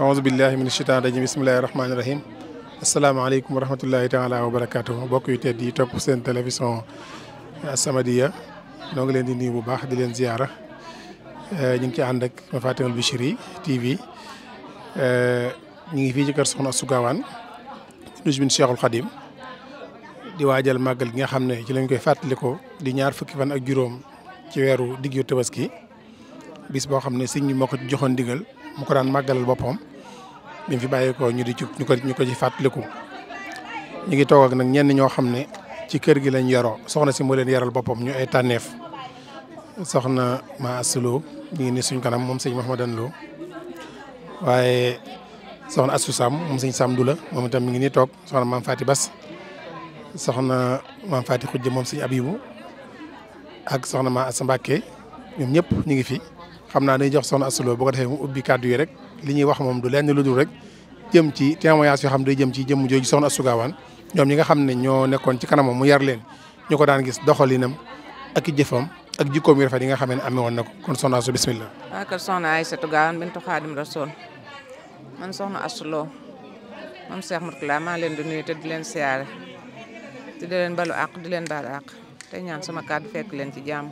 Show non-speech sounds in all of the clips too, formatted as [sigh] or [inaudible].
aousubillahi min shaitan rajim bismillahi rahmaani rahim asalaamaaleykum wa rahmatullahi taala wa barakaatu mbokk yu tedd yi topp seen télévision As-Samadiyya euh, noo ngi leen di nuyu bu baax di leen ziyaara euh, ñu ngi ci ànd ak Mafatihul Bichri TV euh, ñu ngi fii ci Soxna Astou Gawane nus bin di waajal màggal gi nga xam ne ci lañ koy fàttalikoo di ñaar fukki fan ak juróom ci weeru diggu Tabaski bis boo xam ne sëñ bi moo ko joxoon ndigal mu ko daan màggalal boppam bi mu fi bàyyeekoo ñu di ci ñu ko ñu ko ci fàttaliku ñu ngi toog ak nag ñenn ñoo xam ne ci kër gi lañ yaroo soxna si moo leen yaral boppam ñu ay tànneef soxna ma assuloo ñu ngi ni suñ kanam moom sëñ Mahmadan Lo waaye soxna Assu Sam moom sëñ Sam Dula moom itam mi ngi nii toog soxna maam Fati Bas soxna ma Fati Xujja moom sëñ Abibu ak soxna ma Assa Mbàkke ñoom ñëpp ñu ngi fi xam naa day jox soxna assuloo boo ko defee ubbi kàddu yi rek li ñuy wax moom du lenn lu dul rek jëm ci témoignage yoo xam day jëm ci jëm jooju soxna Astou Gawane ñoom ñi nga xam ne ñoo nekkoon ci kanamam mu yar leen ñu ko daan gis doxalinam ak i jëfam ak jikkoom yu rafet yi nga xam ne amee woon na ko kon soxna Astou bismillah. waa kër soxna Aïssatou Gawane bintu Xaadim Rasul man soxna Astou Lo moom Cheikh Mourtala maa leen di nuyu te di leen siyaare te di leen balu àq di leen baal àq te ñaan sama kàddu fekk leen ci jàmm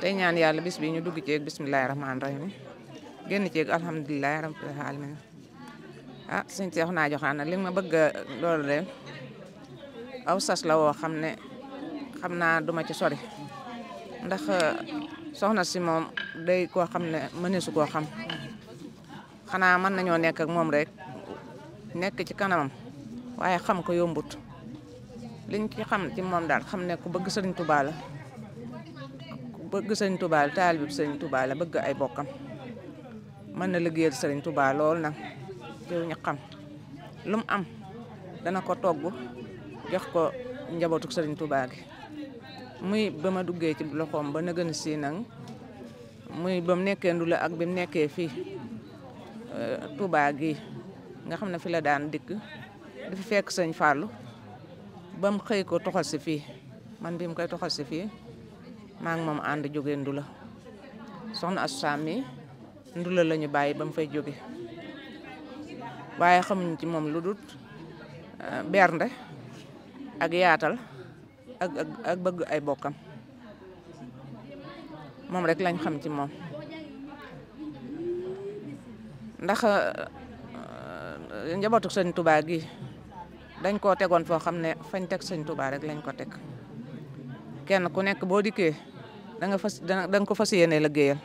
te ñaan yàlla bis bi ñu dugg ci bismillahi rahmaani rahim génn ceeg alhamdulilah rabbil alamin ah sëñ Seex naa joxaan nag li ma bëgg loolu de aw sas la woo xam ne xam naa duma ci sori ndax euh, soxna si moom day koo xam ne mëneesu koo xam xanaa mën nañoo nekk ak moom rek nekk ci kanamam waaye xam ko yombut liñ ci xam ci moom daal xam ne ku bëgg sëriñ Tuubaa la ku bëgg sëriñ Tuubaa la taalibe sëriñ Tuubaa la bëgg ay bokkam mën na liggéeyal Serigne tubaa lool nag jëw ñu xam lu mu am dana ko togg jox ko njabootu sëriñ Touba gi muy ba ma duggee ci loxoom ba nëgën si nag muy ba mu nekkee ndula ak bi mu nekkee fii euh, tubaa gi nga xam ne fi la daan dikk di fi fekk sëñ Fallou ba mu xëy ko toxal si fii man bi mu koy toxal si fii maa moom ànd jógee ndula soxna Assou ndula la ñu bàyyi ba mu fay jóge waaye xamuñ ci moom lu dut ah, bernde ak yaatal ak bëgg ay bokkam moom rek lañ xam ci moom ndax ah, njabootu sëñ Touba gi dañ koo tegoon foo xam ne fañ teg sëñ tubaa rek lañ ko teg kenn ku nekk boo dikkee danga fas da nga ko fas yéene liggéeyal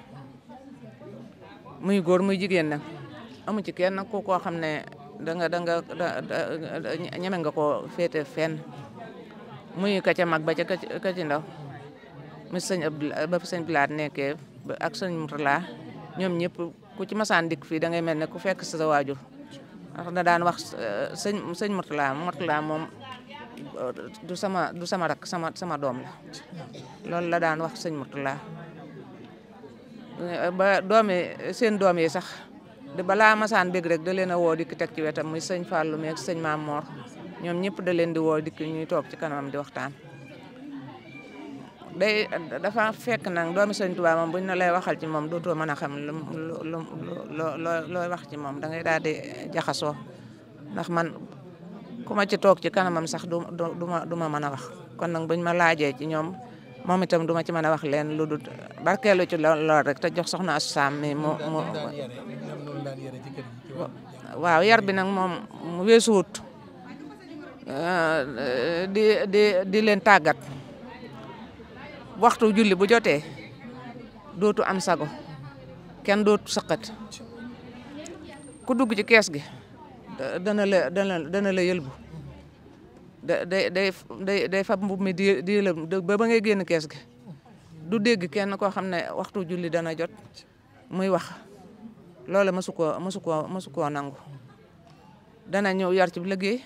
mu góor muy jigéen nag amu ci kenn nag ku koo xam ne danga danga da nga ñeme nga koo féete fenn muy ka ca mag ba ca ka ndaw mu sëñ Abdoulaye ba sëñ Bilaat nekkee ak sëñ Murtala ñoom ñëpp ku ci masaan dikk fii da ngay mel ne ku fekk sa waajur ndax da daan wax eh, sëñ sëñ Murtala Murtala moom du sama du sama rak sama sama doom la loolu la daan wax sëñ Murtala Eh, ba doome seen doom yi sax di balaa masaan bég da leen a woo dikk teg ci wetam muy sëñ Fallou meeg sëñ Maam Mor ñoom ñëpp da leen di woo dikk ñuy toog ci kanamam di waxtaan day dafa fekk nag doomi sëñ Tuubaa moom buñ na lay waxal ci moom dootoo mën a xam lu lu looy wax ci moom da daal di jaxasoo ndax man ku ma ci toog ci kanamam sax du du ma du ma mën a wax kon nag buñ ma laajee ci ñoom moom itam du ma ci mën a wax leen lu dul barkeelu ci lool rek te jox soxna Astou Sam mi mu waaw yar bi nag moom mu weesuwut di di di leen tàggat waxtu julli bu jotee dootu am sago kenn dootu sëqat ku dugg ci kees gi dana la dana la yëlbu da day day day fab mbub mi di di lëm ba ba ngay génn kees gi du dégg kenn koo xam ne waxtu julli dana jot muy wax loola mësu koo mësu koo mësu koo nangu dana ñëw yar ci liggéey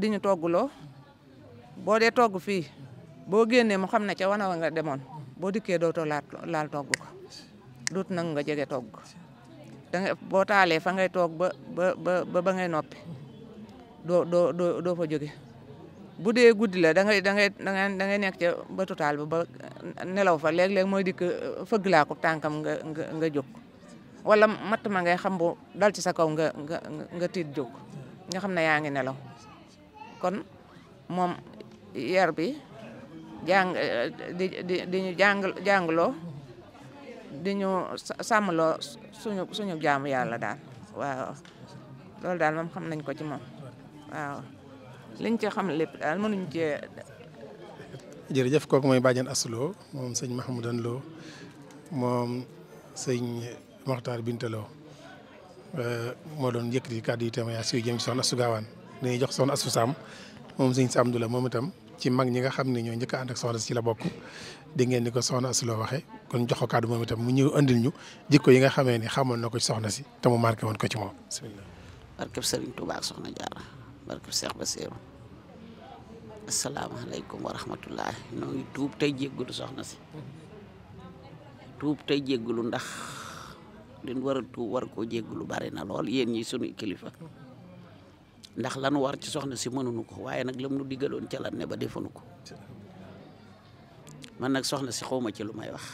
di ñu togguloo boo dee togg fii boo génnee mu xam ne ca wana wa nga demoon boo dikkee dootoo laal laal ko duut nangu nga jege togg da boo taalee fa ngay toog ba ba ba ngay noppi doo doo doo doo fa jóge bu dee guddi la da danga da da ngay nekk ca ba total ba ba nelaw fa léeg-léeg mooy dikk euh, fëgg laa ko tànkam nga nga nga jóg wala matt ma ngay xam bu dal ci sa kaw nga nga tiit jóg nga xam ne yaa ngi nelaw kon moom yar bi jàng euh, di di di ñu jàng jàngloo di ñu sàmmloo suñu suñu jaamu yàlla daal waaw loolu daal moom xam nañ ko ci moom. waaw liñ ci xam lépp daal mënuñ cee. jërëjëf kooku mooy bàjjan Asloo moom sëñ Mahmoudan Lo moom sëñ Mokhtar Binta Lo euh, moo doon yëkkati kàddu yi témoignage yu jëm ci soxna Astou Gawane jox soxna Astou Sam moom sëñ Samdu la moom itam ci mag ñi nga xam ne ñoo njëkk a ànd ak soxna si ci la bokk di ngeen di ko soxna Astou Lo waxee kon jox ko moom itam mu ñëw andil ñu jikko yi nga xamee ni xamoon na ko ci soxna si te mu marqué woon ko ci moom bisimilah. barkeb Sëriñ Tuubaa ak soxna Jaara barke Cheikh Bassirou asalaamaaleykum wa rahmatullahi noo ngi tuub tey jéggalu soxna si tuub tey jéggalu ndax liñ war a war koo jéggalu bari na lool yéen ñi sunu kilifa ndax lan war ci soxna si mënuñu ko waaye nag lam nu diggaloon ca lan ne ba defuñu ko man nag soxna si xawma ci lu may wax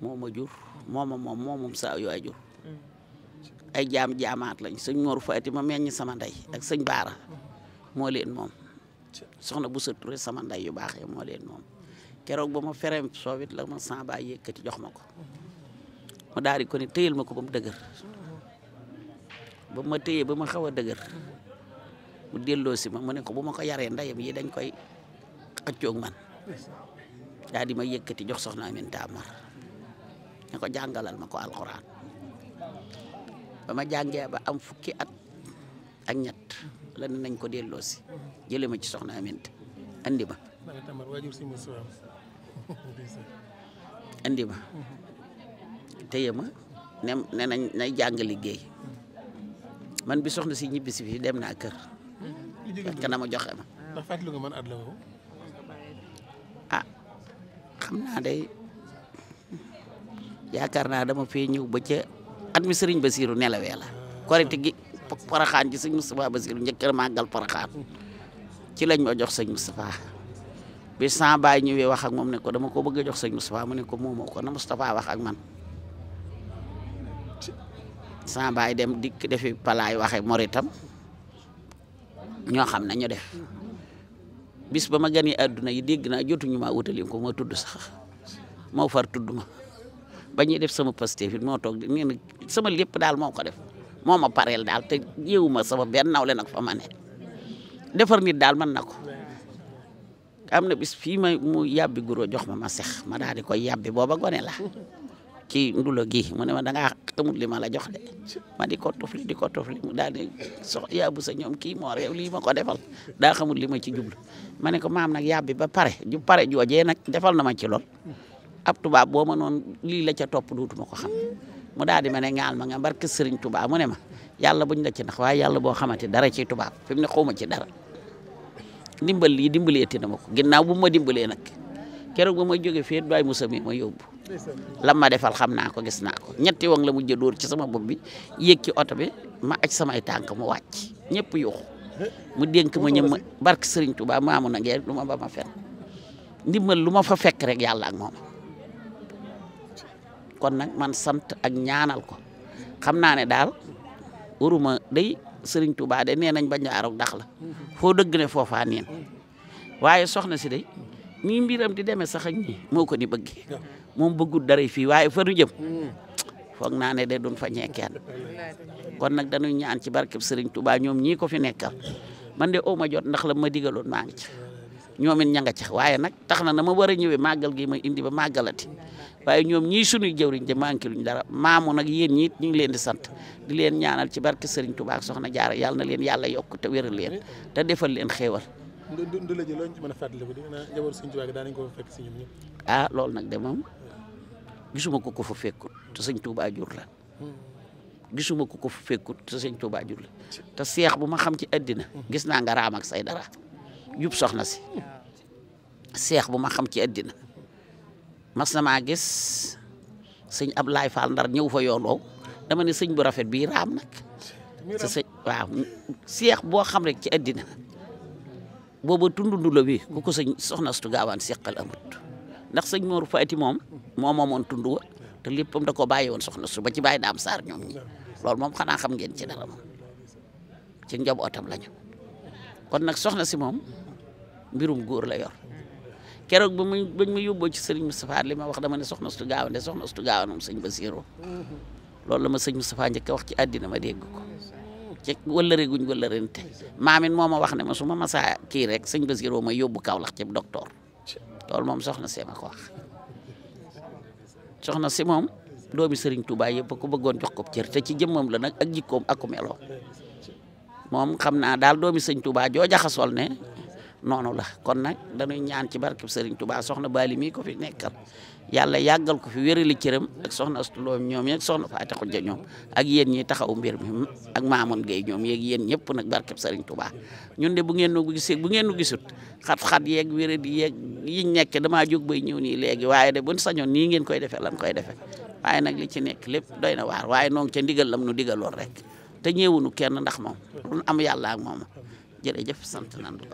moo ma jur mooma moom moomum saa yu ay jur ay jaam jaamaat lañ sëñ Mor ma meññ sama ndey ak sëñ Baara moo leen moom soxna bu sa sama ndey yu baaxee moo leen moom keroog ba ma ferem soowit la ma san ba yëkkati jox ma ko mu daal di ko ne ma ko ba mu ma téyee ba ma xaw a dëgër delloo si ma mu ne bu ma yaree ndeyam yi dañ koy xëccoog man daal jox soxna Amin Tamar ne ko jàngalal ma ko alxuraan ba ma jàngee ba am fukki at ak ñett lan nañ ko delloo jële ma ci soxna Aminta a ma andi ma téye ma ne ne nañ jàng liggéey man bi si ñibbisi fi dem naa kër fekk na ma joxe ma ndax ah, xam naa day yaakaar naa dama fee ñëw ba at mi sëriñ Basiiru nelawee la korite gi paraxaan ci sëñ Moustapha Basiiru njëkk ci lañ ma jox sëñ Moustapha bi sama baay ñëwee wax moom ne ko dama ko bëgg a jox sëñ Moustapha mu ne ko moomoo ko na Moustapha wax ak man sama dem dikk defi palaay waxe moritam ñoo xam ne ñu def bis ba ma gane àdduna yi dégg naa jotuñu maa wutali ko ma tudd sax moo far tudd ma ba ñuy def sama Pastef it moo toog nee na sama lépp daal moo ko def moo ma pareel daal te ma sama benn le nag fa ma defar nit daal man na ko am na bis fii ma mu yàbbi guro jox ma ma sex ma daal di koy yàbbi booba gone la ci ndulo gi mu ne ma da ngaa xamut li ma la jox de ma di ko tufli di ko tufli mu daal di sox sa ñoom kii moo réew lii ma ko defal daa xamut li ma ci jublu ma ne ko maam nag yàbbi ba pare ju pare joojee nag defal na ma ci lool ab tubaab boo ma noonu lii la ca topp duutuma ko xam mu daal di ma ne ñaal ma nga barke sëriñ tubaab mu ne ma yàlla buñ la ci ndax waaye yàlla boo xamante dara ci tubaab fi mu ne xawma ci dara dimbal lii dimbaleeti na ma ko ginnaaw bu ma dimbalee nag keroog ba ma jóge fii baay Musa mi ma ma defal xam naa ko gis naa ko ñetti wang la mujj dóor ci sama bopp bi yéeg ci oto bi ma aj samay tànk mu wàcc ñëpp yuuxu mu dénk ma ñëm barke sëriñ tubaab maamu na ngeen lu ma ba ma fen ndimbal lu ma fa fekk rek yàlla ak moom kon nag man sant ak ñaanal ko xam naa ne daal waruma day Serigne Touba de nee nañ ba ñaarog dax la foo dëgg ne foofaa neen waaye soxna si day ñi mbiram di demee sax ak ñi moo ko ni bëggi moom bëggut dara fii waaye fa nu jëm foog naa ne de duñ fa ñee kon nag dañuy ñaan ci barkeb Serigne Touba ñoom ñii ko fi nekkal man de oo ma jot ndax la ma digaloon maa ngi ci ñoom it ña nga ca waaye nag tax na na ma war a ñëwee màggal gi ma indi ba màggalati waaye ñoom ñii sunuy jëwriñ te manqué luñ dara maamu nag yéen ñiit ñu ngi leen di sant di leen ñaanal ci barke Serigne Touba Soxna Jaara yàlla na leen yàlla yokk te wéral leen te defal leen xéewal ndund la ji loo ci mën a fàttaliku di na ko fekk si ñun ah loolu nag de moom gisuma ko ko fa fekkut te Serigne Touba jur la gisuma ko ko fa fekkut te Serigne Touba jur te seex bu ma xam ci addina gis naa nga raam ak say dara jub soxna si seex bu ma xam ci àddina mas na maa gis sëñ Ablaye Fall ndar ñëw fa yooloo dama ne sëñ bu rafet bii raam nag sëñ boo xam rek ci àddina booba tundundu la bi ku ko sëñ soxna Astu Gaawaan seqal amut ndax sëñ Mor Faati moom moom moon tund wa te léppam da ko bàyyi woon soxna su ba ci bàyyi daam saar ñoom ñi loolu moom xanaa xam ngeen ci dara moom ci njabootam lañu kon nag soxna moom mbirum góor la yor keroog ba mu bañ ma yóbboo ci sëriñ Moustapha li ma wax dama ne soxna Astou Gawane soxna Astou Gawane moom sëñ Basirou loolu la ma sëñ Moustapha njëkk wax ci àddina ma dégg ko ci wëllëre guñ wëllërente maamin moo ma wax ne ma su ma masaa kii rek sëñ Basirou ma yóbbu Kaolack ci docteur loolu moom soxna see ma ko wax soxna si moom doomi sëriñ Touba yëpp ko bëggoon jox ko cër te ci jëmmam la nag ak jikkoom ak meloom moom xam naa daal doomi sëñ Touba joo jaxasool ne noonu la kon nag dañuy ñaan ci barkeb Serigne Touba soxna Bali mii ko fi nekkal yàlla yàggal ko fi wérali cëram ak soxna Astuloom ñoom yeeg soxna Faati Xujja ñoom ak yéen ñi taxaw mbir mi ak Maamoon Gay ñoom yeeg yéen ñëpp nag barkeb Serigne Touba ñun de bu ngeen nu gisee bu ngeen nu gisut xat-xat yeeg wéradi yeeg yiñ nekk damaa jóg bay ñëw nii léegi waaye de buñ sañoon nii ngeen koy defee lan koy defee waaye nag li ci nekk lépp doy na waar waaye noo ngi ca ndigal lam nu digaloon rek te ñëwunu ken ndax moom lu am yàlla moom jërëjëf sant nan bu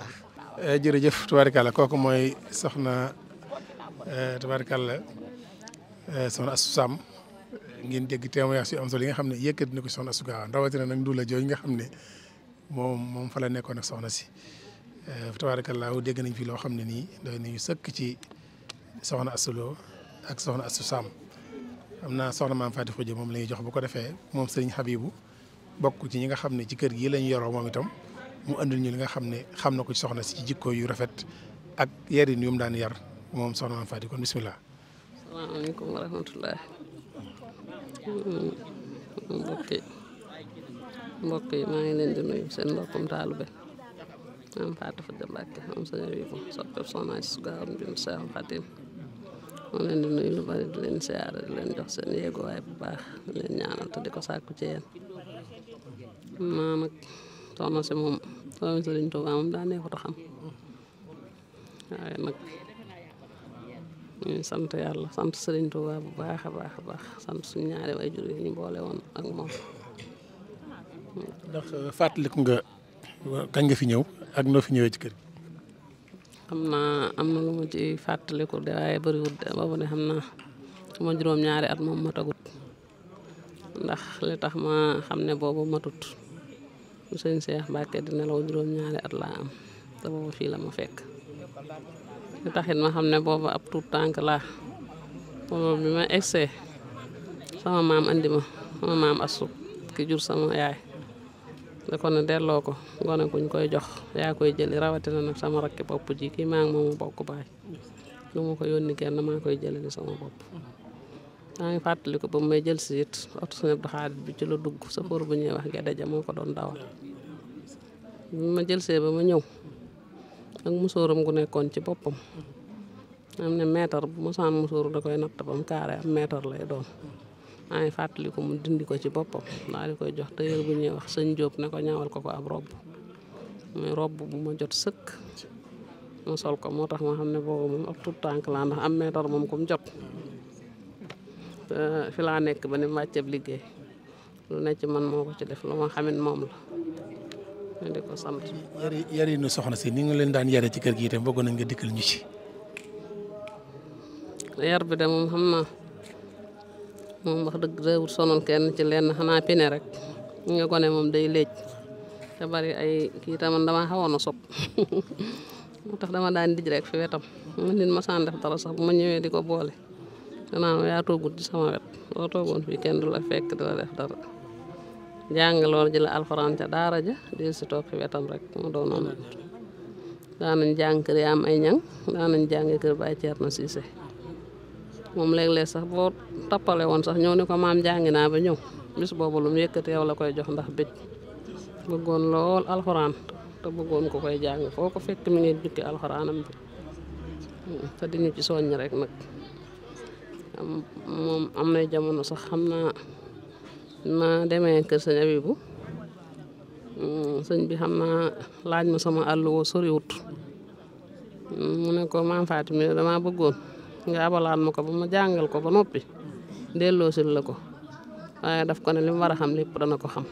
Eh, jërëjëf tubaarikàlla kooku mooy soxna eh, tubaarikàlla la eh, Astou Samb ngeen dégg témoignage yu am solo nga xam ne yëkkati na ko soxna Astou Gawane rawatina nag Ndoulo jooju nga xam ne moom moom fa nekkoon ak soxna si tubaarikàlla dégg nañ fi loo xam ne nii doy sëkk ci soxna Astou ak soxna Astou Samb am naa soxna maam Fatou Khoudia moom la jox bu ko defee moom sëriñ Habibou bokk ci ñi nga xam ne ci kër gi lañuy yoroo moom itam. mu andil ñu li nga xam ne xam na ko ci soxna si ci jikko yu rafet ak yarin yu mu daan yar moom soxna Mame Faty kon bisimilah. salaamaaleykum wa rahmatulah. Mm-hmm. mbokk yi mbokk yi maa ngi leen di nuyu seen mbokkum taalube Mame Faty Khoudia Mbacké moom sëñ moom soppeeku soxna si leen di nuyu lu bari di leen siyaare di leen jox seen yéeguwaay bu baax leen ñaanal te di ko sàkku ci yéen maam si moom. soo Sëriñ Tuuba moom daa neexut a waaye nag ñuy sant yàlla sant Sëriñ Tuuba bu baax a baax a baax sant suñu ñaari waajur yi ñu boole woon ak moom. ndax euh, fàttaliku nga kañ nga fi ñëw ak noo fi ñëwee ci kër xam naa am na lu ma ci fàttaliku de waaye bëriwut de boobu ne xam naa sama juróom-ñaari at moom matagut ndax li tax ma xam ne boobu matut. sëñ Cheikh Mbacke di nelaw juróom-ñaari at laa am te boobu fii la ma fekk li taxit ma xam ne boobu ab tuut tànk laa boobu bi ma egsee sama maam andi ma sama maam asu ki jur sama yaay da ko ne delloo ko gone kuñ koy jox yaa koy jëli rawatina nag sama rakki bopp ji kii maa ngi moomu bokk baay lu ma ko yónni kenn maa koy jëlali sama bopp maa ngi fàttaliku ba mu may jël si it oto bi ci la dugg safoor bu ñuy wax Gédé ja moo ko doon dawal bi ma jël see ba ma ñëw ak musóoram gu nekkoon ci boppam am ne mètre bu mosaan musóoru da koy natt ba mu carré am lay doon maa ngi fàttaliku mu dindi ko ci boppam daal di koy jox tëyër bu ñuy wax sëñ Jóob ne ko ñaawal ko ko ab robb muy robb bu ma jot sëkk ma sol ko moo tax ma xam ne boobu moom ab tout tànk laa ndax am mètre moom ku mu jot Euh, fi laa nekk ba ni màcceeb liggéey lu ne ci man moo ko ci def lu ma xamit moom la ñu di ko sant. yar yi nu soxna si ni nga leen daan yare ci kër gi itam bëggoon nañ nga dikkal ñu bi de moom xam moom wax dëgg réewut sonal kenn ci lenn xanaa pine rek ñu nga moom day léej te bari ay kii tam man damaa xawoon a sob [laughs] moo tax dama daan dij rek fi wetam man nit ma saan def dara sax bu ma ñëwee di ko boole. danaan yaa toogut ci sama wet loo toogoon fii kenn du la fekk di la def dara jàng lool ji la alxuraan ca daara ja di si toog fi wetam rek mu doonoon daanañ jàng kër yaam ay ñang daanañ jàng kër Baay Ceerno Siise moom léeg-léeg sax boo tappale woon sax ñëw ni ko maam jàngi naa ba ñëw bis boobu lu mu yëkkati la koy jox ndax bëj bëggoon lool alxuraan te bëggoon ko koy jàng foo ko fekk mi ngi jukki alxuraanam bi hmm, te di ñu ci soññ rek nag moom am na jamono sax xam naa ma deme kër sëñ Abibu mm, sëñ bi xam na laaj ma sama àll woo soriwut mm, mu ne ko maam Fatim dama bëggoon nga abalaat ma ko ba ma jàngal ko ba noppi delloosil la ko waaye daf ko ne li mu war a xam lépp dana ko xam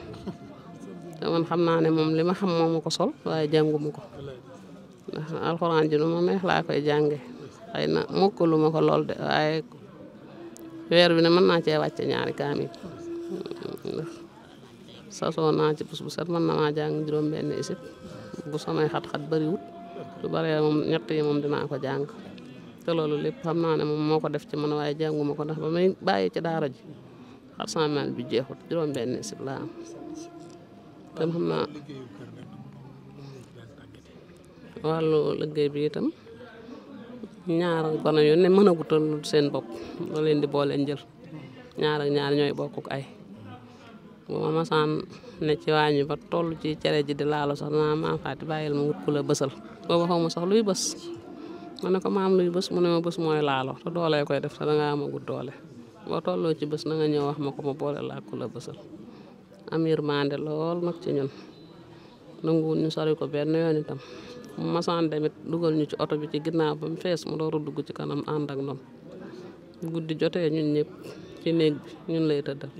te xam naa ne moom lima xam moo ma ko sol waaye jàngu ko alxuraan ji nu ma laa koy jànge xëy na mokkalu ko lool de waaye weer bi ne mën naa cee wàcce ñaari kaamil sasoo naa ci bés bu mën na maa jàng juróom benn isib bu samay xat-xat bariwut lu baree moom ñett yi moom dinaa ko jàng te loolu lépp xam naa ne moom moo ko def ci man waaye jànguma ko ndax ba may bàyyi ci daara ji xar sama bi jeexut juróom benn isib laa am tam xam naa wàllu liggéey bi itam ñaar ak bana yoon ne mën a gutal seen bopp ba leen di boole njël ñaar ak ñaar ñooy bokkuk ay bu ma masaan ne ci waañu ba toll ci cere ji di laalo sax na maam faati bàyyil ma wut ma sax luy bës ko maam luy bës mu ne ma bës mooy laalo te doolee koy def te da ngaa amagut doole boo tolloo ci bës na nga ñëw wax ma ko ma boole laa ku la bësal am yërmande lool nag ci ñun nanguwul ñu sori ko benn yoon itam mu masaan demit dugal ñu ci oto bi ci ginnaaw ba mu fees mu door dugg ci kanam ànd ak noonu guddi jotee ñun ñëpp ci néeg bi ñun lay tëddal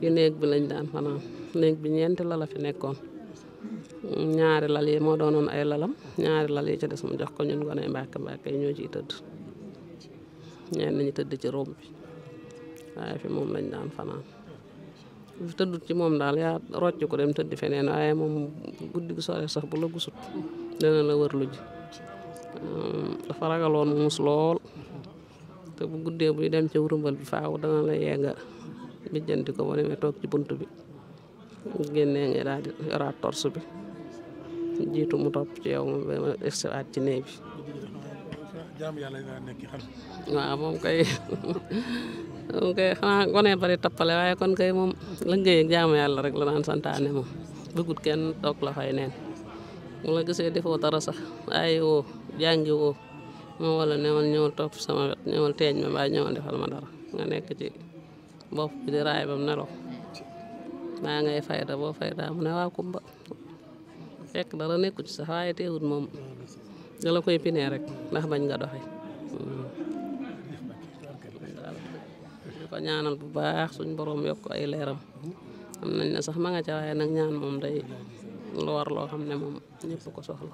ci néeg bi lañ daan fanaan néeg bi ñeenti lala fi nekkoon ñaari lal yi moo doonoon ay lalam ñaari lal yi ci des mu jox ko ñun gone mbàkke mbàkke yi ñoo ciy tëdd ñeen nañu tëdd ci rob bi waaye fi moom lañ daan fanaan tëddut ci moom daal yaa rocc ko dem tëddi feneen waaye moom guddi gu sore sax bu la gusut dana la wër lu dafa ragaloon muus lool te bu guddee buy dem ci wurumbal bi faaw dana la yee nga bijjanti ko boo demee toog ci bunt bi génnee nga daal di yoraat tors bi jiitu mu topp ci yow moom ba egsiwaat ci néeg bi jaam yàlla yi nekk xam. waaw moom kay moom kay xanaa gone bari tappale waaye kon kay moom lëggéey ak jaamu yàlla rek la daan santaane moom bëggut kenn toog la fay neen bu la gisee defoo dara sax ay woo jàngi woo moom wala ñëwal ñëwal topp sama wet ñëwal teeñ ma mbaa ñëwal defal ma dara nga nekk ci bopp bi di raay bam nelaw ngay fayda boo fayda mu ne waa kumba fekk dara nekku ci sax waaye teewut moom da la koy pinee rek ndax bañ nga doxe hmm. ko ñaanal bu baax suñ borom yokk ay leeram am nañ ne sax ma nga ca waaye nag ñaan moom day lu war loo xam ne moom ñëpp ko soxla.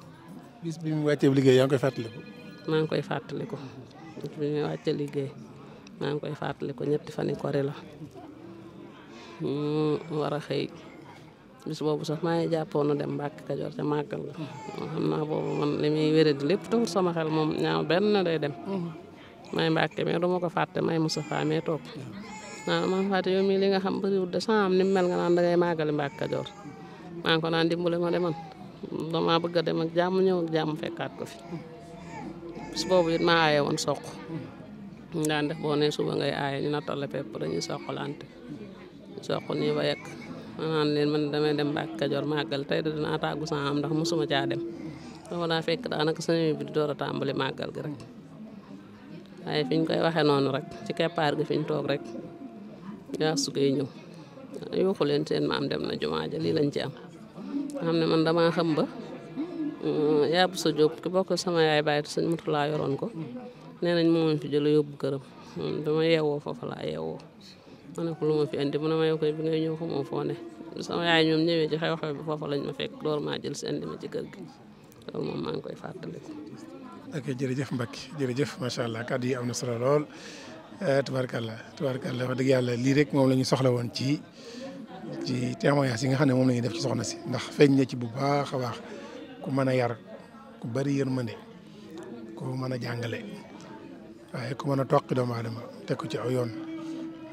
bis bi mu wàccee liggéey maa ngi koy fàttaliku bis bi liggéey maa ngi koy fàttaliku ñetti fan yi la mu war a xëy. bis boobu sax maa ngi jàppoon na dem Mbàkke Kajoor te màggal la xam naa boobu man li muy wéré di lépp taxul sama xel moom ñaaw benn day dem may Mbàkke mais du ma ko fàtte may Moustapha mais toog naa ma fàtte yow mii li nga xam bëriwul de sans ni mel nga naan dangay màggali Mbàkke Kajoor maa ngi naan dimbale ma deman dama bëgg a dem ak jàmm ñëw ak fekkaat ko fi bis boobu it maa aaye woon soq ñu daan def boo ne suba ngay aaye ñu nattale pepp dañuy soqalante soq nii ma naan leen man damay dem Mbàkke Kajoor màggal tey de dinaa tàggu sama ndax mosuma caa dem dama daa fekk daanaka sëñ bi a tàmbali màggal gi rek waaye koy waxee noonu rek ci keppaar gi fi toog rek yaa ñëw yuuxu leen seen maam dem na jumaa ja lii lañ ci am xam ne man dama xam ba mm, yàbb sa jóob ki bokk sama yaay bàyyi sëñ Mutulaa yoroon ko nee nañ moomuñ fi jële yóbbu këram dama yeewoo foofu laa yeewoo ma ne ko lu ma fi andi mu ne ma koy bi ngay ñëw xamoo foo ne sama yaay ñoom ñëwee ci xew-xew bi foofa lañ ma fekk loolu maa jël si andi ma ci gi moom maa ngi koy fàttali ko. ok jërëjëf Mbacke jërëjëf macha allah kàddu yi am na solo lool eh, tubaarkàlla tubaarkàlla wax dëgg yàlla lii rek moom la ñu soxla woon ci ci témoignage yi nga xam ne moom lañuy def ci soxna si ndax feeñ na ci bu baax a baax ku mën a yar ku bari yërmande ku mën a jàngale waaye ku mën a toqi doomu aadama teg ko ci aw yoon.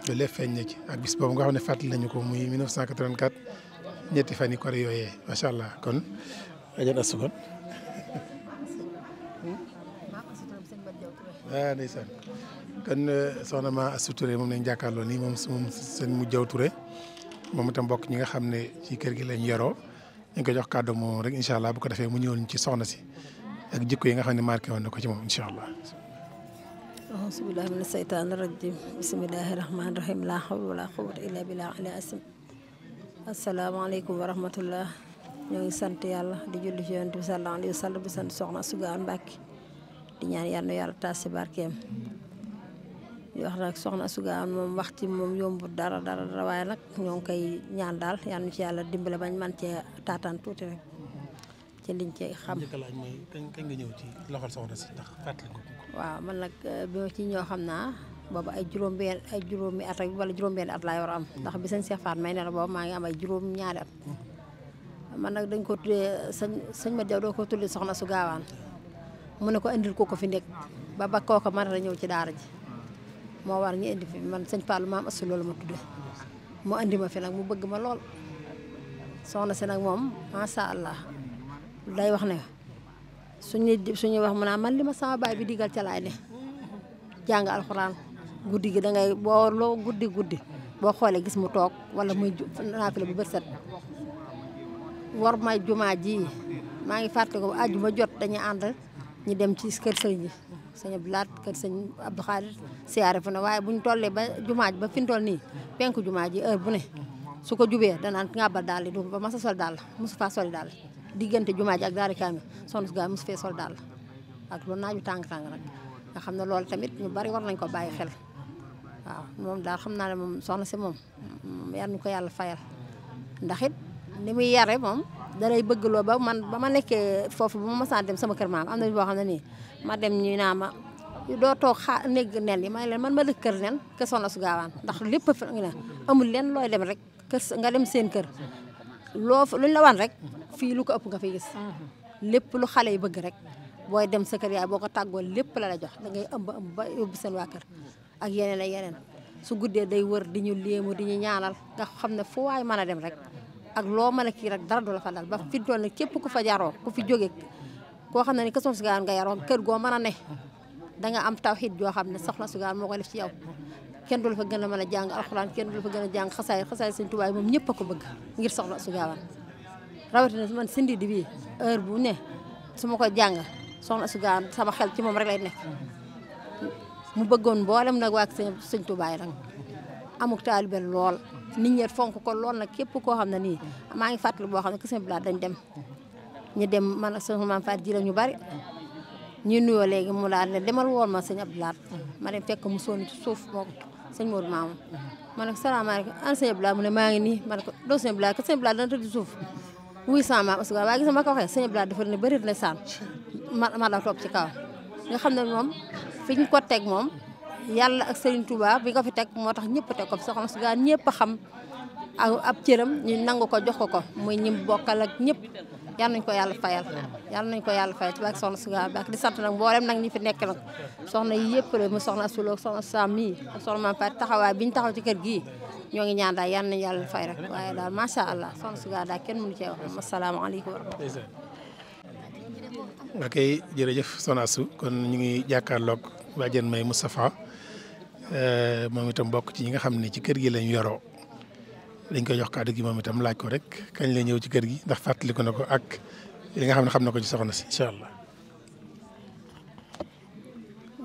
loolu lépp feeñ na ci ak bis boobu nga xam ne fàttali nañu ko muy 1984 ñetti fan yi kor yooyee macha allah kon. ajan asu kon hmm? ah ndeysaan kon euh, soxna ma Astou Touré moom lañ jàkkaarloo nii moom moom seen mu jaw Touré moom itam bokk ñi nga xam ne ci kër gi lañ yoroo ñu ko jox kàddu moom rek incha allah bu ko defee mu ñëwoon ci soxna si ak jikko yi nga xam ne marqué woon na ko ci moom incha allah. auzu billaahi mina seytaani rajiim bismillaahi rahmaani rahiim laa hawla walaa quwwata illaa billaah ali asim asalaamaaleykum wa rahmatullah ñoo ngi sant yàlla di julli ci yonent bi sallallaahu alayhi wa sant soxna Suga Mbàkke di ñaan yal na yàlla taas ci wax nag soxna Suga moom wax ci moom dara dara waaye nag ñoo ngi ñaan daal yal na dimbale bañ man cee taataan tuuti rek liñ ci xam. njëkk waaw man nag eh, bi ma ci ñoo xam naa boobu ay juróom benn ay juróomi at ak wala juróom benn at laa war am ndax bi sëñ Cheikh Fall may ne la boobu maa ngi am ay juróom ñaari at man nag dañ ko tuddee sëñ sëñ ma jaw doo ko tuddee soxna su gaawaan mu ne ko indil ko ko fi nekk ba ba kooka mën a ñëw ci daara ji moo war ñu indi fi man sëñ Fall maam loolu ma tuddee mu indi ma fi nag mu bëgg ma lool soxna si nag moom macha allah lay wax ne suñu suñuy wax mu naa man li ma sama baay bi digal ca laay ne jàng alxuraan guddi gi da ngay loo guddi guddi boo xoolee gis mu toog wala muy naafila bu bët set war ma jumaa ji maa ngi fàtte ko aju ma jot dañu ànd ñu dem ci kër sëñ ji sëñ Abdou Lahat kër sëñ Abdou Khadir siyaare fu ne waaye ñu tollee ba jumaa ji ba fi ñu toll nii penku jumaa ji heure bu ne su ko jubee danaan ngàbbal daal di du ba masa sol daal mosu faa soli daal diggante jumaa ji ak daara kaamil soxna su gaa mos fee sol daal ak lu naaju tàng-tàng nag nga xam ne loolu tamit ñu bari war nañ ko bàyyi xel waaw moom daal xam naa ne moom soxna si moom yar ñu ko yàlla fayal ndax it ni muy yare moom dalay bëgg loo ba man ba ma nekkee foofu bu ma masaan dem sama kër maam am na boo xam ne nii ma dem ñu naa ma doo toog xaa néeg nen yi ma leen man ma dëkk kër nen ke soxna su gaawaan ndax lépp fi ne amul leen looy dem rek kër nga dem seen kër loo luñ la wan rek fii lu ko ëpp nga fi gis lépp lu xale yi bëgg rek booy dem sa kër yaay boo ko tàggoo lépp la la jox da ngay ëmb ëmb ba yóbbu seen waa kër ak yeneen ak yeneen su guddee day wër di ñu léemu di ñu ñaanal nga xam ne foo waay mën a dem rek ak loo mën a kii rek dara du la fa ba fi doon nag képp ku fa yaroo ku fi jóge koo xam ne ni Kër Soxna Su Gawane nga kër goo mën a ne da nga am tawxiid joo xam ne soxna Su Gawane moo ko def ci yow kenn du fa gën a mën a jàng alxuraan kenn du la fa gën a jàng xasaay xasaay Sëñ Tuubaa moom ñëpp a ko bëgg ngir soxna su gaawaan rawatina man si ndidi bii heure bu ne su ma koy jàng soxna su sama xel ci moom rek lay nekk mu bëggoon mboolem nag waa Sëñ Tuubaa yi nag amuk taalibe lool nit ñi fonk ko lool nag képp koo xam ne nii maa ngi fàttali boo xam ne kese bi dañ dem ñu dem man ak sama maam Fatou Djilane ñu bari ñu nuyoo léegi mu daal ne demal woon ma sëñ Abdou Lahad ma dem fekk mu sonn ci suuf moo sëñ moo Mamoun ma ne ko salaamaaleykum an sëñ mu ne maa ngi nii ma ne ko doo sëñ Abdoulaye kat sëñ Abdoulaye dana tëdd suuf wuy sama maam aussi waaye gis ma ko waxee sëñ Abdoulaye dafa ne bëri na saan ma ma la topp ci kaw nga xam ne moom fi ñu ko teg moom yàlla ak Serigne Touba bi ko fi teg moo tax ñëpp teg ko fi soxna su gaa ñëpp a xam ak ab cëram ñu nangu ko jox ko ko muy ñim bokkal ak ñëpp yal nañ ko yàlla fayal yal nañ ko yàlla fayal ci bàkk soxna Suga bàkk di sant nag mboolem nag ñi fi nekk nag soxna yi yëpp rek mu soxna Asulo ak soxna Sam mii ak soxna taxawaay bi ñu taxaw ci kër gi ñoo ngi ñaan daal yal nañ yàlla fay rek waaye daal macha allah soxna Suga daal kenn mënu cee wax asalaamaaleykum wa rahmatulah. ok ñu ngi jàkkaarloog bàjjen May Moustapha eh, moom itam bokk ci ñi nga xam ni ci kër gi lañ yoroo. dañ koy jox kàddu gi moom itam laaj ko rek kañ la ñëw ci kër gi ndax fàttaliku na ko ak li nga xam ne xam na ko ci soxna si incha allah.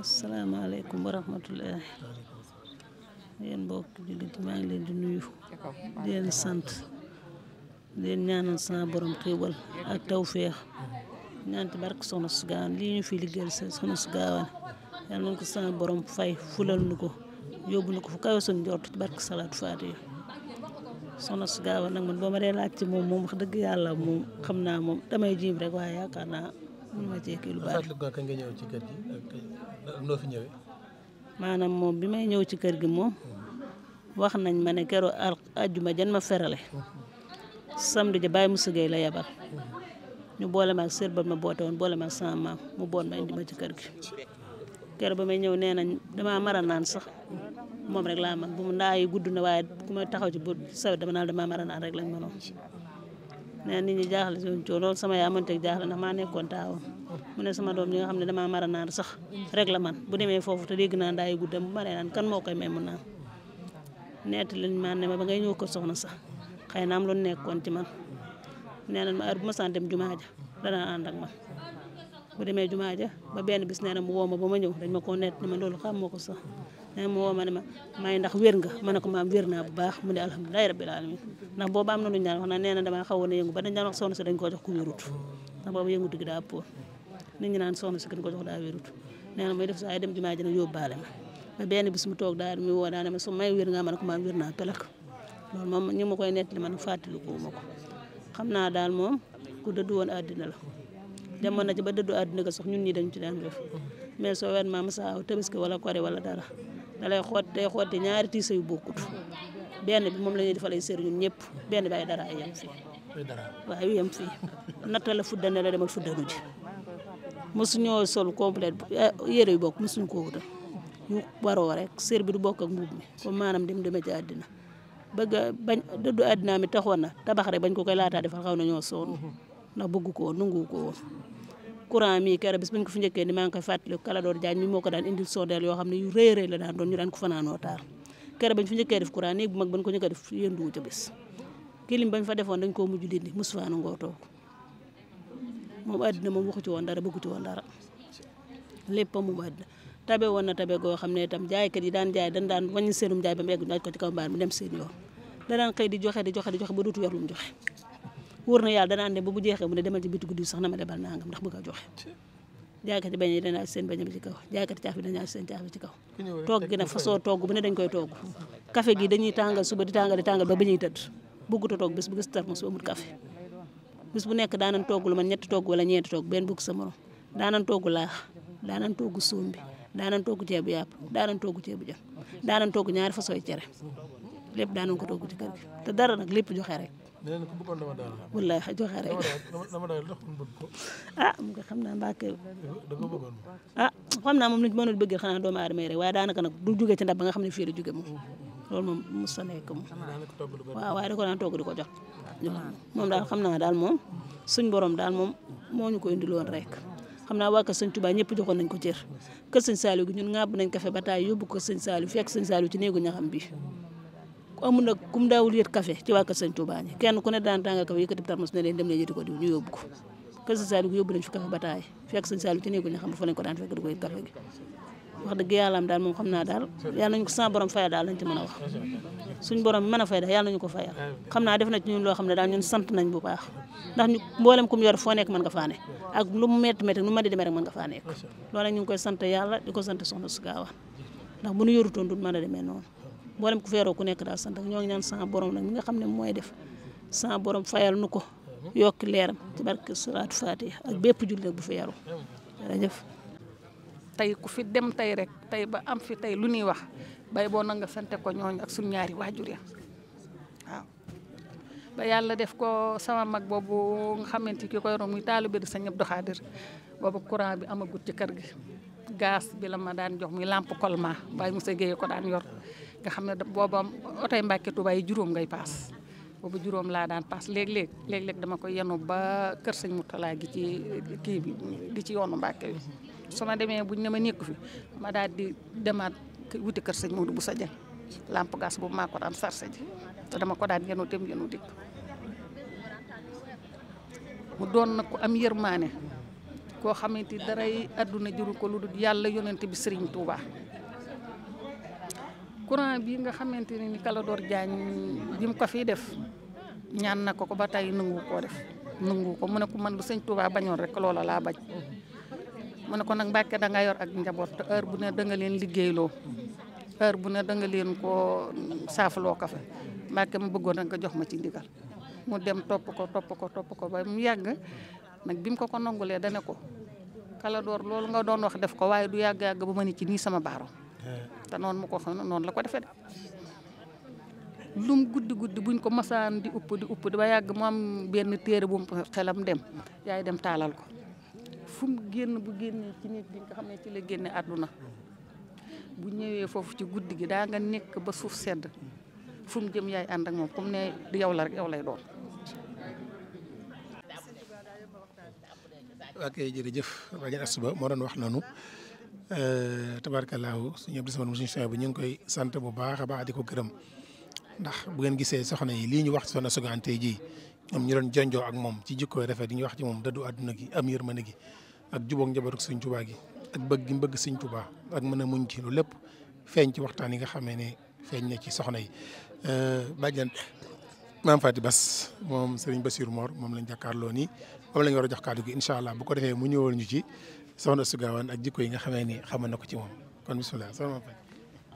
asalaamaaleykum wa rahmatulah yéen mbokk jullit maa ngi leen di nuyu leen sant di leen ñaanal sama borom xéewal ak tawféex ñaan ci barke soxna su gaawaan lii ñu fi liggéeyal sa soxna su gaawaan yàlla nañ ko sama borom fay fulal nu ko yóbbu nu ko fu kawe suñu njort ci barke salaatu faatiha soxna su gaaw nag man boo ma dee laaj ci moom moom wax dëgg yàlla moom xam naa moom damay jiib rek waaye yaakaar naa mun ma cee kii lu baax. nga ñëw ci kër gi ak fi ñëwee. maanaam moom bi may ñëw ci kër gi moom wax nañ ma ne keroog àjjuma jan ma ferale samedi ja bàyyi Moussa Gueye la yabal ñu boolem ak sër ma boote woon boole ma ak sama maam mu boon ma indi ci kër gi keroog ba may ñëw nee nañ damaa mara naan sax moom rek laa man bu mu ndaayi gudd na waaye ku ma taxaw ci bu sawet dama naan dama mara naan rek lañ mënoon nee nit ñi jaaxle si coow loolu sama yaa amanteeg jaaxle ndax maa nekkoon taawoon mu ne doom ñi nga xam ne damaa mara naan sax rek la man bu demee te dégg naa ndaayi guddam bu maree kan moo koy may mu naan neeti ma ba ngay ñëw ko soxna sax xëy na am nekkoon ci man nee nañ ma bu ma sant dem jumaa ja danaa ànd ak bu demee jumaa ja ba benn bis nee na mu woo ma ma ñëw dañ ma koo nett ne ma loolu xam moo ko sax mu woo ma ne ma maay ndax wér nga ma ne ko maam wér bu baax mu ne alhamdulilahi rabbil alamin ndax boobu am na lu ñu daan wax na nee na damaa xawoon a yëngu ba dañ daan wax soxna si dañ koo jox ndax boobu yëngutu gi daa poor nit ñi naan soxna si dañ koo jox daa wérut nee na def saa dem jumaa ji nag yóbbaale ma benn bis mu toog daal mi woo daa ne ma may wér nga ma ne ko maam wér naa pelak loolu moom ñu ma koy nettali man fàttaliku ma ko xam naa daal moom ku dëddu woon addina la demoon na ci ba dëddu addina ko sax ñun ñi dañ ci daan def mais soo wet ma masaa tabaski wala kori wala dara da lay xoot day xotti ñaari tiisa yu bokkut benn bi moom la ñuy defalee sër ñun ñëpp benn bi ay dara ay yem fii waaw yu yem fii natt la fuddane la demal fuddanu ji mosu ñoo sol complète eh, yére yu bokk mosuñ koo wutal ñu waroo rek sër bi du bokk ak mbuub mi comme maanaam dem demee ci àddina bëgg bañ dëddu àddina mi taxoon na tabax rek bañ ko koy laataa defal xaw na ñoo sonn mm-hmm. ndax bëgg ko woon ko courant mi keroog bis bu ñu ko fi ni maa ngi koy fàttali Kalador Diagne mi moo ko daan indil sondeel yoo xam ne yu rëy rëy la daan doon ñu daan ko fanaanoo taar keroog bañ fi njëkkee def courant néeg bu mag bañ ko njëkkee def yënduwu ca bis kilim bañ fa defoon dañ koo mujj dindi Moustapha nangoo toog moom àddina moom waxu ci woon dara bëggu ci woon dara lépp moom àddina tabe woon na tabe goo xam ne itam jaaykat yi daan jaay dañ daan wàññi seenum jaay ba mu egg ñu ko ci kaw mbaan bi dem seen yoon da di joxe di joxe di joxe ba dootu yor lu wóor na yàlla danaan dem ba bu jeexee mu ne demal ci bitu guddi sax na ma debal nangam ndax bëgg a joxe jaaykati bañ danaa seen bañam ci kaw jaaykati caaf bi danaa seen caaf bi ci kaw togg gi nag façon togg bu ne dañ koy togg café gi dañuy tàngal suba di tàngal di tàngal ba ba ñuy tëdd bëgguta toog bis bu gis tar mos amul café bis bu nekk daanan togg lu man ñetti togg wala ñeenti togg benn bugg sa morom daanan togg laax daanan togg suum bi daanan togg ceebu yàpp daanan togg ceebu jën daanan togg ñaari façon cere lépp daanan ko togg ci kër gi te dara nag lépp joxe rek nee na ku bëggoon dama daal. wallaahi xa joxe rek. dama daal ndax mu bëgg ko. ah mu nga xam naa Mbacke. da ko bëggoon ah xam naa moom lañ mënoon bëggee xanaa doomu aadama yi rek waaye daanaka nag du jógee ci nga xam ne fii la jógee moom. loolu moom mos a nekk moom. waaw waaye da ko di ko jox. moom daal xam naa daal moom suñ borom daal moom moo ñu ko indiloon rek. xam naa waa Kër Sëñ Touba ñëpp joxoon nañ ko cër Kër Sëñ Saliou gi ñun ŋàbb nañ kafe ba taay yóbbu ko Sëñ Saliou fekk Sëñ Saliou ci néegu ñaxam bi ku amul nag kum daawul yët café ci waa Kër Sëñ daan tàngal café yëkkati tarmus ne leen di ko yët café gi wax dëgg yàlla am daal moom xam naa daal yàlla nañu ko sans borom fayal daal lañ ci mën a wax suñ borom bi mën a fay daal yàlla nañu ko fayal xam naa na ci ñun loo xam ne daal ñun sant nañ bu baax ndax ñu mboolem ku mu yor foo nekk mën nga faa ak lu mu metti metti nu ma rek mën nga faa nekk loolu koy sant a demee noonu mboolem ku feeroo ku nekk daal sant ñoo ngi ñaan sama borom nag mi nga xam ne mooy def sama borom fayal nu ko yokk leeram ci bu fi ku fi dem tey rek tey ba am fi tey lu ñuy wax bay boo na nga ko ñooñ ak yàlla def ko sama mag boobu nga xamante ki ko yoroon muy taalibe di Sëñ Abdou Khadir boobu courant bi amagut ci kër gi gaz bi la ma daan jox muy lampe kolma Baye Moussa Gueye ko daan yor nga xam ne booba otoy Mbàkke Tuubaa yi juróom ngay paas boobu juróom laa daan paas léeg-léeg léeg-léeg dama koy yenu ba kër sëñ Murtala gi ci kii bi di ci yoonu Mbàkke bi su ma demee buñ ne ma nekku fi ma daal di demaat wuti kër sëñ Moodu bu sa jën lamp gas boobu maa ko daan sarse ji te dama ko daan yenu tem yenu dikk mu doon nag ku am yërmaane koo xamante daray àdduna juru ko lu dul yàlla yonent bi sëriñ Tuubaa courant bi nga xamante ne ni Clédor Diagne bi mu ko fii def ñaan na ko ko ba tey nangu koo def nangu ko mu ne ko man lu sëñ Touba bañoon rek loola laa bañ mu ne ko nag Mbàkke da nga yor ak njaboot te heure bu ne da nga leen liggéeyloo heure bu ne da nga leen koo saafloo kafe Mbàkke mu bëggoon rek nga jox ma ci ndigal mu dem topp ko topp ko topp ko ba mu yàgg nag bi mu ko ko nangulee dana ko Clédor loolu nga doon wax def ko waaye du yàgg-yàgg ba ma ni ci nii sama baaro eh. noonu mu ko waxee noonu la ko defee de lum guddi guddi buñ ko masaan di upp di upp di ba yàgg maam am benn téere bu mu xelam dem yaay dem taalal ko fu génn bu génnee ci nit bi nga xam ne ci la génne àdduna bu ñëwee foofu ci guddi gi daa nga nekk ba suuf sedd fu jëm yaay ànd ak moom comme ne di yow la rek yow lay doon. ok jërëjëf wax noonu. Euh, tabarkallahu suñu Abdou Samad mu suñu soxna bu ñu ngi koy sant bu baax a baax di ko gërëm ndax bu ngeen gisee soxna yi lii ñu wax ci soxna Sogane tey jii ñoom ñu doon jonjoo ak moom ci jikkoy rafet yi ñu wax ci moom dëddu àdduna gi am yërmande gi ak jubóog njaboot ak Sëriñ Tuubaa gi bëgg gi bëgg Sëriñ Tuubaa ak mën a muñ ci lépp feeñ ci waxtaan yi nga xamee ne feeñ na ci soxna yi euh, bàjjan maam Faty Bass moom Serigne Bassirou Mor moom lañ jàkkaarloo nii moom lañ war a jox kàddu gi incha allah bu ko defee mu ñëwal ñu ci soxna su gaawaan ak jikko yi nga xamee ni xamoon na ko ci moom kon bisimilah soxna Mame Faty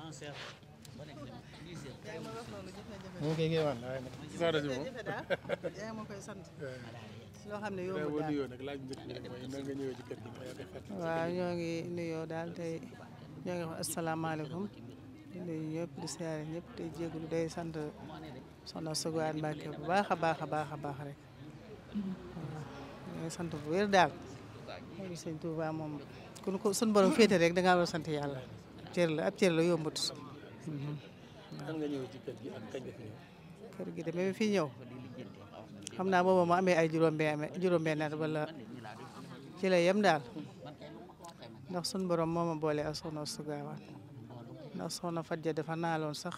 moom kay si moom yaa xam ne yoo daal waaw ñoo ngi nuyoo daal tey ñoo ngi wax asalaamaaleykum di nuyu ñëpp di siyaare te jégalu day sant soxna Sugane Mbacke bu baax a baax a baax a baax rek waaw ñoo sant bu wér daal xëy sëñ Touba moom kon ko sun borom féete rek da ngaa sant yàlla cër la ab cër la yombut. kan nga ñëw ci kër gi ak de ba fi ñëw xam naa booba mu amee ay juróom-benn juróom wala ci la yem daal ndax sun borom moo ma boole ak soxna su gaawaan ndax soxna Fadja dafa naaloon sax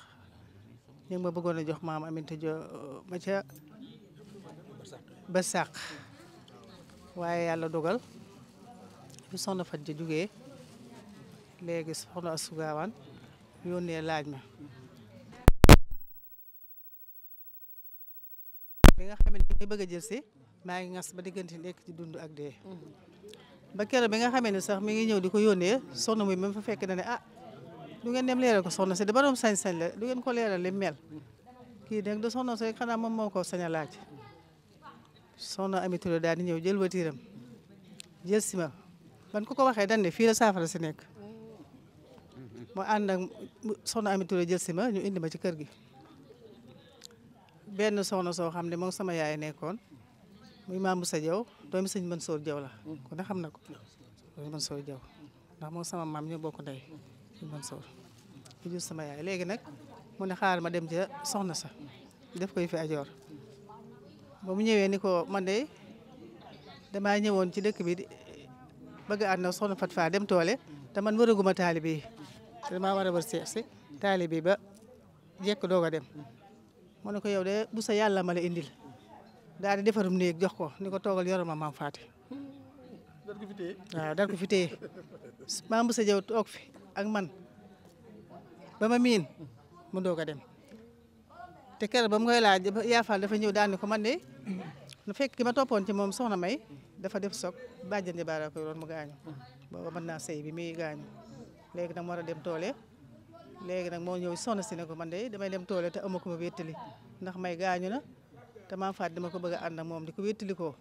ñu ma bëggoon a jox maam Aminta jo ma ba sàq waaye yàlla dogal. bi soxna faj ja jógee léegi soxna Astou yónnee laaj ma bi nga xam ne bi bëgg a jël si maa ngi ngas ba diggante nekk ci dund ak dee mm-hmm. ba keroog bi nga xamee ne sax mi ngi ñëw di ko yónnee soxna muy même fa fekk na ne ah du ngeen dem leeral ko soxna si da borom sañ-sañ la du ngeen ko leeral li mel kii nag da soxna moo ko sañ a laaj soxna Ami Touré daal di ñëw jël watiiram jël ma ban ko ko waxee dañ ne saafara si nekk mu ànd ak soxna Ami Touré jël ma ñu indi ma ci kër gi benn soxna soo xam ne moom sama yaay nekkoon muy maam Moussa Diaw doomi sëñ Mansour Diaw la ku ne xam na ko doomi Mansour Diaw ndax moom sama maam ñoo bokk ndey sëñ Mansour mu jur sama yaay léegi nag mu ne xaar ma dem ja soxna sa def koy fi ajoor ba mu ñëwee ni ko man de damaa ñëwoon ci dëkk bi bëgg a ànd nag soxna Fatou Fall dem toole te man wëraguma taalibe yi te damaa war a wër ba jekk doog dem mu ne ko yow de bu sa yàlla ma la indil daal defarum néeg jox ko ni ko toogal yoroma maam Faati waaw dar ko fi téye maam toog fi ak man ba ma miin mu doog a dem te kër ba mu koy laaj Yaafal dafa ñëw daal ni ko man de fekk ki ma toppoon ci moom soxna May dafa def soog bàjjan ji baara ko yoroon mu gaañu booba mën naa sëy bi muy gaañu léegi nag moo war a dem toole léegi nag moo ñëw sonn si ne ko man de damay dem toole te amu ko ma wéttali ndax may gaañu na te maa faat dama ko bëgg a ànd moom di ko wéttali koo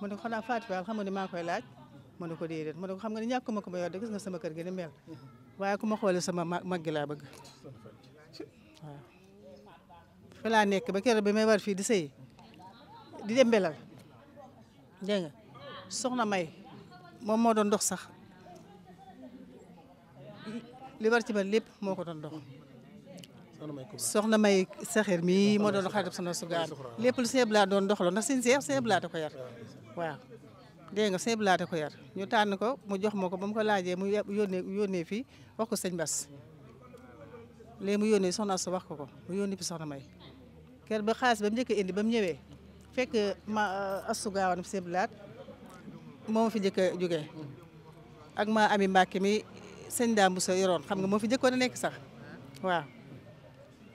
man ne ko xanaa faat faal xam nga ni maa koy laaj mu ne ko déedéet mu ne nga ni ñàkk ma ko ma yor de gis nga sama kër gi ni mel waaye ku ma xoolee sama mag gi laa bëgg waaw fi nekk ba keroog bi may war fii di sëy di dem belal dégg nga soxna May moom moo doon dox sax li war ci ba lépp moo ko doon dox. soxna May saxeer mii moo doon xarit soxna sugaan lépp lu sëñ Bala doon doxaloo ndax sëñ Seex sëñ Bala da ko yar waaw. dégg nga sëñ Bala ko yar ñu tànn ko mu jox ma ko ba mu ko laajee mu yónnee yónnee fii wax ko señ Bas léegi mu yónnee soxna su wax ko ko mu yónnee fi soxna May kër ba xaalis ba mu njëkk indi ba mu ñëwee. fekk ma euh, Astou Gawane Sèye Blaat moo fi njëkk a jógee ak ma ami Mbàkke mi sëñ daa Moussa yoroon xam nga moo fi njëkkoon a nekk sax waaw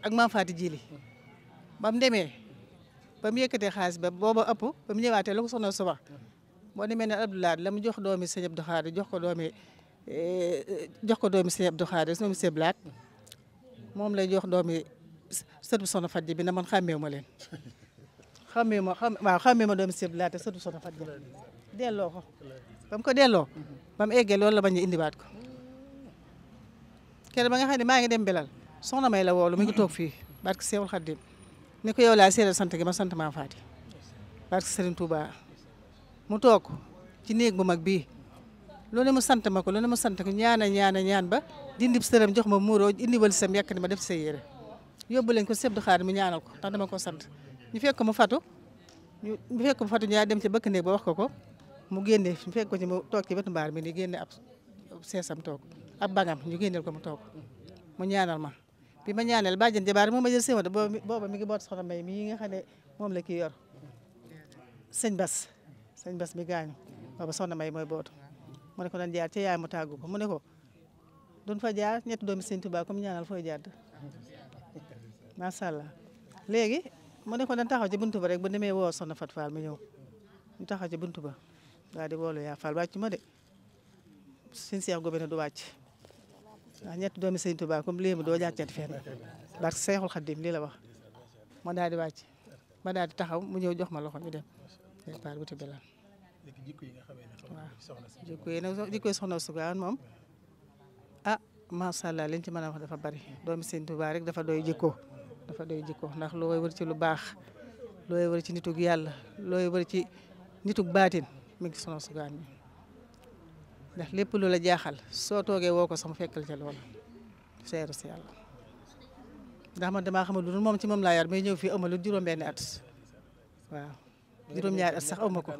ak maam Faati Jili ba mu demee ba mu yëkkatee xaalis ba booba ëpp ba mu ñëwaatee la ko soxna suba boo demee ne Abdoulaye la mu jox doomi sëñ Abdou Khadre jox ko doomi euh, jox ko doomi sëñ Abdou Khadre sëñ Sèye Blaat moom lay jox doomi sët bu soxna Faty bi na man xàmmeewu ma leen [laughs] xamee ma xam waaw xamee ma doomu sëb laata sëtu soxna Fatou Dia delloo ko ba mu ko delloo ba mu eggee loolu la bañ a indiwaat ko kenn ba nga xam ne maa ngi dem belal soxna may la woolu mi ngi toog fii barke Seexul Xaadim ni ko yow laa seedal sant gi ma sant maa faati barke Serigne Touba mu toog ci néeg bu mag bii loolu mu sant ma ko loolu mu sant ko ñaan a ñaan a ñaan ba dindib sëram jox ma muuroo indiwal sam yàkk ni ma def sa yére yóbbu lañ ko sebdu xaar mu ñaanal ko ndax dama ko sant ñu fekk ko mu fatu ñu fekk ko mu fatu ñaa dem ci bëkk néeg ba wax ko ko mu génne ñu fekk ko ci mu toog ci wetu mbaar mi di génne ab seesam toog ab bangam ñu génneel ko mu toog mu ñaanal ma bi ma ñaanal bàjjen jabaar moom ma jël séwante booba mi ngi boot soxna May mii nga xam ne moom la kii yor sëñ Bas sëñ Bas mi gaañu booba soxna May mooy bootu mu ne ko nan jaar ca yaay mu tàggu ko mu ne ko duñ fa jaar ñetti doomi sëñ Tuubaa comme ñaanal fooy jàdd macha allah léegi mu ne ko dañ taxaw ci buntu ba rek bu demee woo soxna Fatou Fall mu ñëw ñu taxaw ci buntu ba daal di woolu yaa Fall wàcc ma de suñ seex gobe ne du wàcc ndax ñetti doomi sëñ Tuubaa comme léemu doo jàccati fenn parce que Seexul Xaddim lii la wax ma daal di wàcc ma daal taxaw mu ñëw jox ma loxo ñu dem départ wuti bi la waaw jikko yi nag jikko yi soxna sugaan moom ah macha allah liñ ci mën a wax dafa bari doomi sëñ Tuubaa rek dafa doy jikko dafa doy jikko ndax looy wër ci lu baax looy wër ci nitug yàlla looy wër ci nitug baatin mi ngi sono sugaan bi ndax lépp lu la jaaxal soo toogee woo ko sama fekkal ca loolu seeru si yàlla ndax man damaa xamul lu dul moom ci moom laa yar may ñëw fii ama lu juróom-benn at waaw juróom-ñaari at sax aw ma ko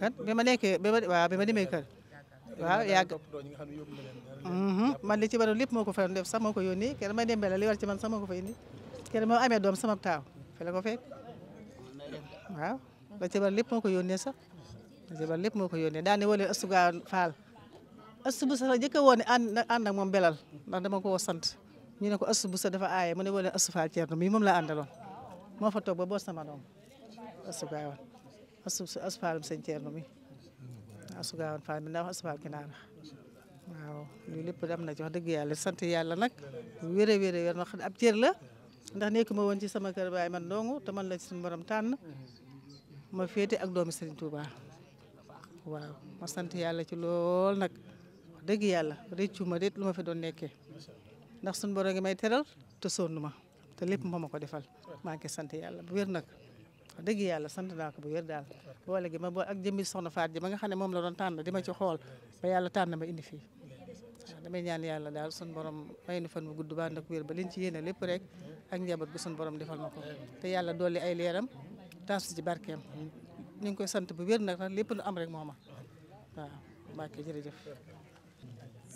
kan bi ma nekkee bi ma waaw bi ma demee kër waaw yàgg Mm-hmm. man li ci waroon lépp moo ko fayoon def sax ko yónnee kenn may dembee la li war ci man sax ko fa indi kenn moo amee doom sama taaw fa la ko fekk waaw la ci lépp moo ko yónnee sax la ci lépp moo ko yónnee daane wala ëstu gaa faal ëstu bu a woo ne ànd ànd ak moom belal ndax dama ko sant ñu ne ko ëstu bu dafa aaye mu ne wala ëstu faal moom la àndaloon moo fa ba boo sama doom ëstu gaawoon ëstu ëstu faalum sëñ ceerno faal mi ndax ëstu faal waaw lii lépp am na jox dëgg yàlla sant yàlla nag wér a wér ab cër la ndax nekkuma woon ci sama kër baay man dong te man la ci suñu borom tànn ma féete ak doomi Serigne Touba waaw ma sant yàlla ci lool nag dëgg yàlla réccu ma déet lu ma fi doon nekkee ndax suñu borom ngi may teral te sonn ma te lépp moo ma ko defal maa ngi sant yàlla bu wér nag. dëgg yàlla sant naa ko bu wér daal boole gi ma boo ak jëmmi soxna Faat ji ma nga xam ne moom la doon tànn di ma ci xool ba yàlla tànn ma indi fii waaw damay ñaan yàlla daal sun borom may nu fan bu gudd ba ànd ak wér ba liñ ci rek ak njaboot bi sun borom defal te yàlla dolli ay leeram taas ci barkeem ñu ngi koy sant bu wér nag lépp lu am rek moo ma waaw Mbacke jërëjëf.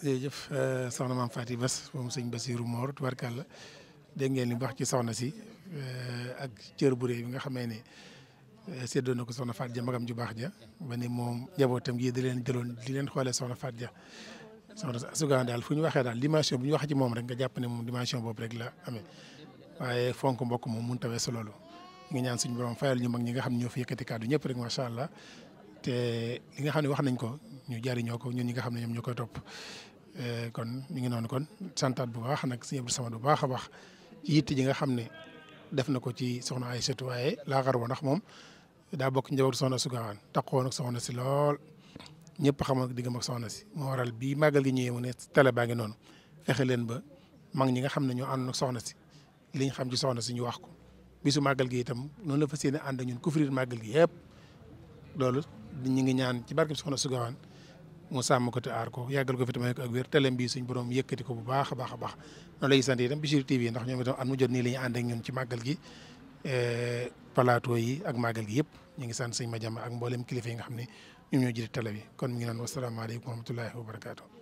jërëjëf eh, soxna maam Faty Bass moom sëñ Basirou Mor tubarkàlla dégg ngeen li wax ci soxna si. Euh, ak cër bu réy bi nga xamee ne euh, séddoo na ko soxna Faat Ja magam ju baax ja ba ni moom njabootam gi di leen jëloon di leen xoolee soxna Faat Ja soxna Sugaan daal fu ñu waxee daal dimension bu ñu wax ci moom rek nga jàpp ne moom dimension boobu rek la amee waaye fonk mbokk moom mun tawee sa loolu nga ñaan suñu borom fayal ñu mag ñi nga xam ne ñoo fi yëkkati kàddu ñëpp rek macha allah te li nga xam ne wax nañ ko ñu jariñoo ko ñun ñi nga xam ne ñoom ñoo koy topp euh, kon ñu ngi noonu kon santaat bu baax nag sëñ Abdou Samad bu baax a baax yitte ji nga xam ne def na ko ci soxna Aïssatou waaye laa xar ndax moom daa bokk njabootu soxna su gaawaan taxawoon ak soxna si lool ñëpp xamoon ak diggam ak soxna si moo waral bii màggal gi ñëwee mu ne télé baa ngi noonu fexe leen ba mag ñi nga xam ne ñoo àndoon ak soxna si liñ xam ci soxna si ñu wax ko bisu màggal gi itam noonu la fas yéene ànd ñun couvrir màggal gi yëpp loolu ñu ngi ñaan ci barke soxna su mu sàmm ko te aar ko yàggal ko fi tamay ko ak wér telem bii suñ borom yëkkati ko bu baax a baax a baax noonu lay sant itam Bichri TV ndax ñoom itam at mu jot nii la ñu ànd ci màggal gi e, plateau yi ak màggal gi yëpp ñu ngi sant ma Madiama ak mboolem kilifa yi nga xam ne ñoom ñoo jiite télé bi kon mi ngi naan wasalaamaaleykum wa rahmatullahi wa barakaatu